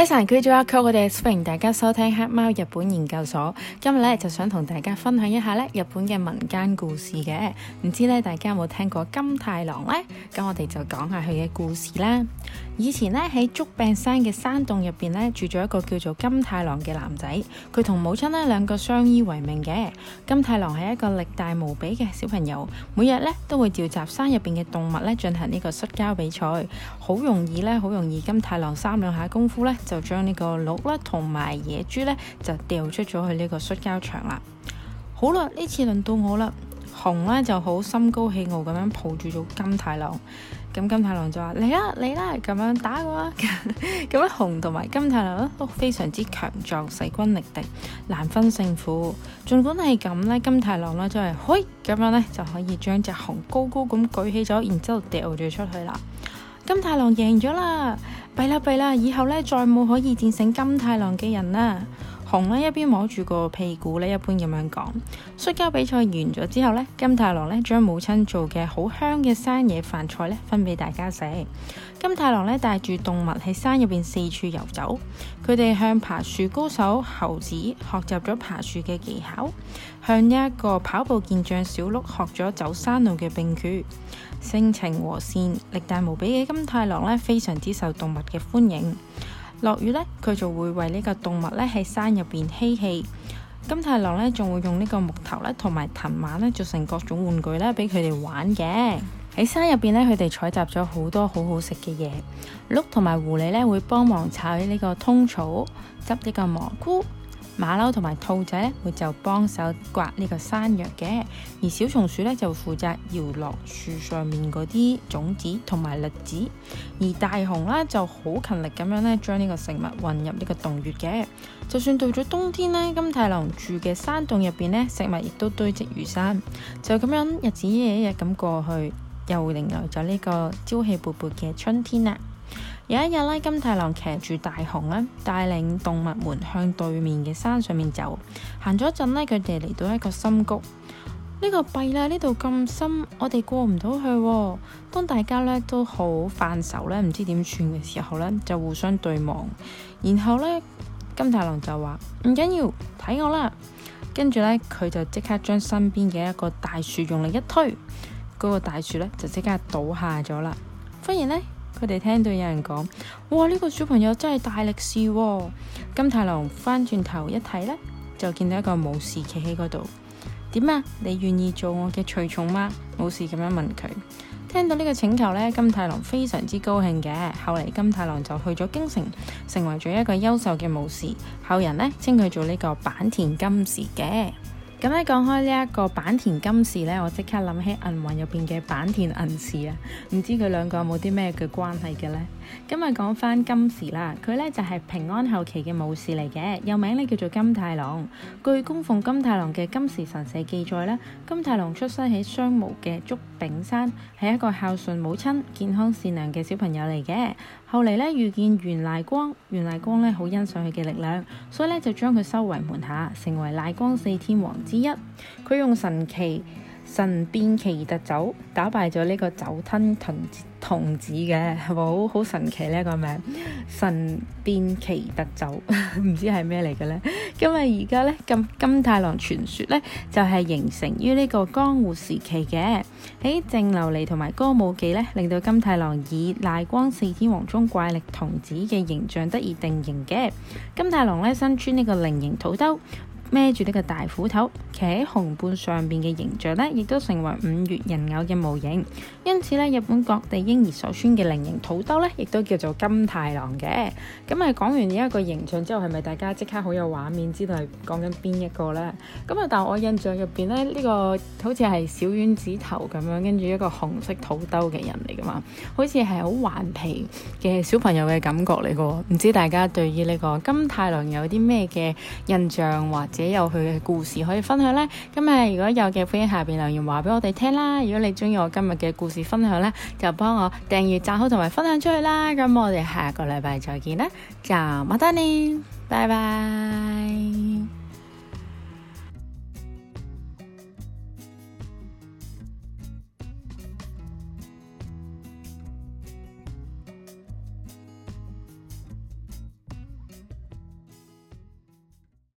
Hello，大家好，我哋歡迎大家收聽黑貓日本研究所。今日咧就想同大家分享一下咧日本嘅民間故事嘅。唔知咧大家有冇聽過金太郎咧？咁我哋就講下佢嘅故事啦。以前咧喺足柄山嘅山洞入邊咧住咗一個叫做金太郎嘅男仔，佢同母親咧兩個相依為命嘅。金太郎係一個力大無比嘅小朋友，每日咧都會召集山入邊嘅動物咧進行呢個摔跤比賽，好容易咧，好容易金太郎三兩下功夫咧。就將呢個鹿啦，同埋野豬呢，就掉出咗去呢個摔跤場啦。好啦，呢次輪到我啦，熊呢就好心高氣傲咁樣抱住咗金太郎。咁金太郎就話：嚟啦嚟啦，咁樣打我啦！咁 樣熊同埋金太郎呢都非常之強壯，勢均力敵，難分勝負。盡管係咁呢，金太郎呢就係、嘿，咁樣呢，就可以將隻熊高高咁舉起咗，然之後掉咗出去啦。金太郎贏咗啦！弊啦弊啦，以後呢，再冇可以戰勝金太郎嘅人啦。熊咧一邊摸住個屁股咧，一般咁樣講。摔跤比賽完咗之後咧，金太郎咧將母親做嘅好香嘅山野飯菜咧分俾大家食。金太郎咧帶住動物喺山入邊四處遊走，佢哋向爬樹高手猴子學習咗爬樹嘅技巧，向一個跑步健將小鹿學咗走山路嘅並腳。性情和善、力大無比嘅金太郎咧，非常之受動物嘅歡迎。落雨呢，佢就會為呢個動物呢喺山入邊嬉戲。金太郎呢仲會用呢個木頭呢同埋藤蔓呢做成各種玩具呢俾佢哋玩嘅。喺山入邊呢，佢哋採集咗好多好好食嘅嘢。鹿同埋狐狸呢會幫忙採呢個通草、執呢個蘑菇，馬騮同埋兔仔咧會就幫手刮呢個山藥嘅，而小松鼠咧就負責搖落樹上面嗰啲種子同埋栗子，而大雄啦，就好勤力咁樣咧將呢個食物運入呢個洞穴嘅。就算到咗冬天呢，金太郎住嘅山洞入邊呢，食物亦都堆積如山。就咁樣日子一日一日咁過去，又會迎來咗呢個朝氣勃勃嘅春天啦！有一日咧，金太郎騎住大熊咧，帶領動物們向對面嘅山上面走。行咗一陣咧，佢哋嚟到一個深谷。呢個弊啦，呢度咁深，我哋過唔到去喎。當大家呢都好犯愁，呢唔知點算嘅時候呢，就互相對望。然後呢，金太郎就話，唔緊要，睇我啦。跟住呢，佢就即刻將身邊嘅一個大樹用力一推，嗰個大樹呢就即刻倒下咗啦。忽然呢。佢哋聽到有人講：哇！呢個小朋友真係大力士喎。金太郎翻轉頭一睇呢就見到一個武士企喺嗰度。點啊？你願意做我嘅隨從嗎？武士咁樣問佢。聽到呢個請求咧，金太郎非常之高興嘅。後嚟金太郎就去咗京城，成為咗一個優秀嘅武士。後人呢稱佢做呢個坂田金時嘅。咁呢講開呢一個坂田金時呢，我即刻諗起銀魂入邊嘅坂田銀時。啊，唔知佢兩個有冇啲咩嘅關係嘅呢？今日講翻金時啦，佢呢就係平安後期嘅武士嚟嘅，又名呢叫做金太郎。據供奉金太郎嘅《金時神社記載》呢，金太郎出生喺相模嘅足柄山，係一個孝順母親、健康善良嘅小朋友嚟嘅。後嚟呢，遇見源賴光，源賴光呢好欣賞佢嘅力量，所以呢就將佢收為門下，成為賴光四天王之一，佢用神奇神變奇特酒打敗咗呢個酒吞童童子嘅，係咪好神奇呢個名神變奇特酒，唔 知係咩嚟嘅呢？咁為而家呢，金金太郎傳說呢，就係、是、形成於呢個江戶時期嘅，喺淨琉璃》同埋歌舞伎呢，令到金太郎以賴光四天王中怪力童子嘅形象得以定型嘅。金太郎呢，身穿呢個菱形肚兜。孭住呢個大斧頭，企喺紅半上邊嘅形象呢，亦都成為五月人偶嘅模型。因此呢，日本各地嬰兒所穿嘅菱形肚兜呢，亦都叫做金太郎嘅。咁、嗯、啊，講完呢一個形象之後，係咪大家即刻好有畫面，知道係講緊邊一個呢？咁、嗯、啊，但我印象入邊呢，呢、這個好似係小丸子頭咁樣，跟住一個紅色肚兜嘅人嚟噶嘛，好似係好頑皮嘅小朋友嘅感覺嚟嘅喎。唔知大家對於呢個金太郎有啲咩嘅印象或自己有佢嘅故事可以分享呢，今日如果有嘅，歡迎下邊留言話俾我哋聽啦。如果你中意我今日嘅故事分享呢，就幫我訂閱、讚好同埋分享出去啦。咁我哋下個禮拜再見啦，就冇得拜拜。